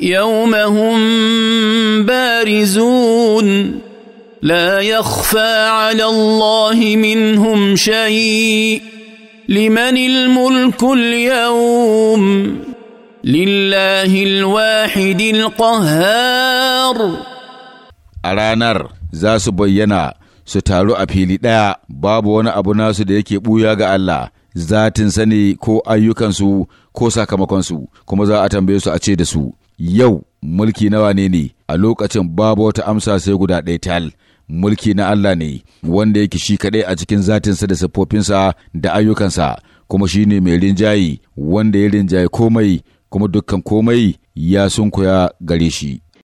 يوم هم بارزون لا يخفى على الله منهم شيء لمن الملك اليوم لله الواحد القهار ranar za su bayyana su taru a fili ɗaya babu wani abu nasu da yake ɓuya ga Allah zatin sani ko ayyukansu ko sakamakonsu kuma za a tambaye su a ce da su yau mulki na wane ne a lokacin babu wata amsa sai guda ɗaya tal mulki na Allah ne wanda yake shi kaɗai a cikin zatinsa da siffofinsa da ayyukansa kuma shi ne mai rinjaye wanda ya rinjaye komai kuma dukkan komai ya sunkuya gare shi.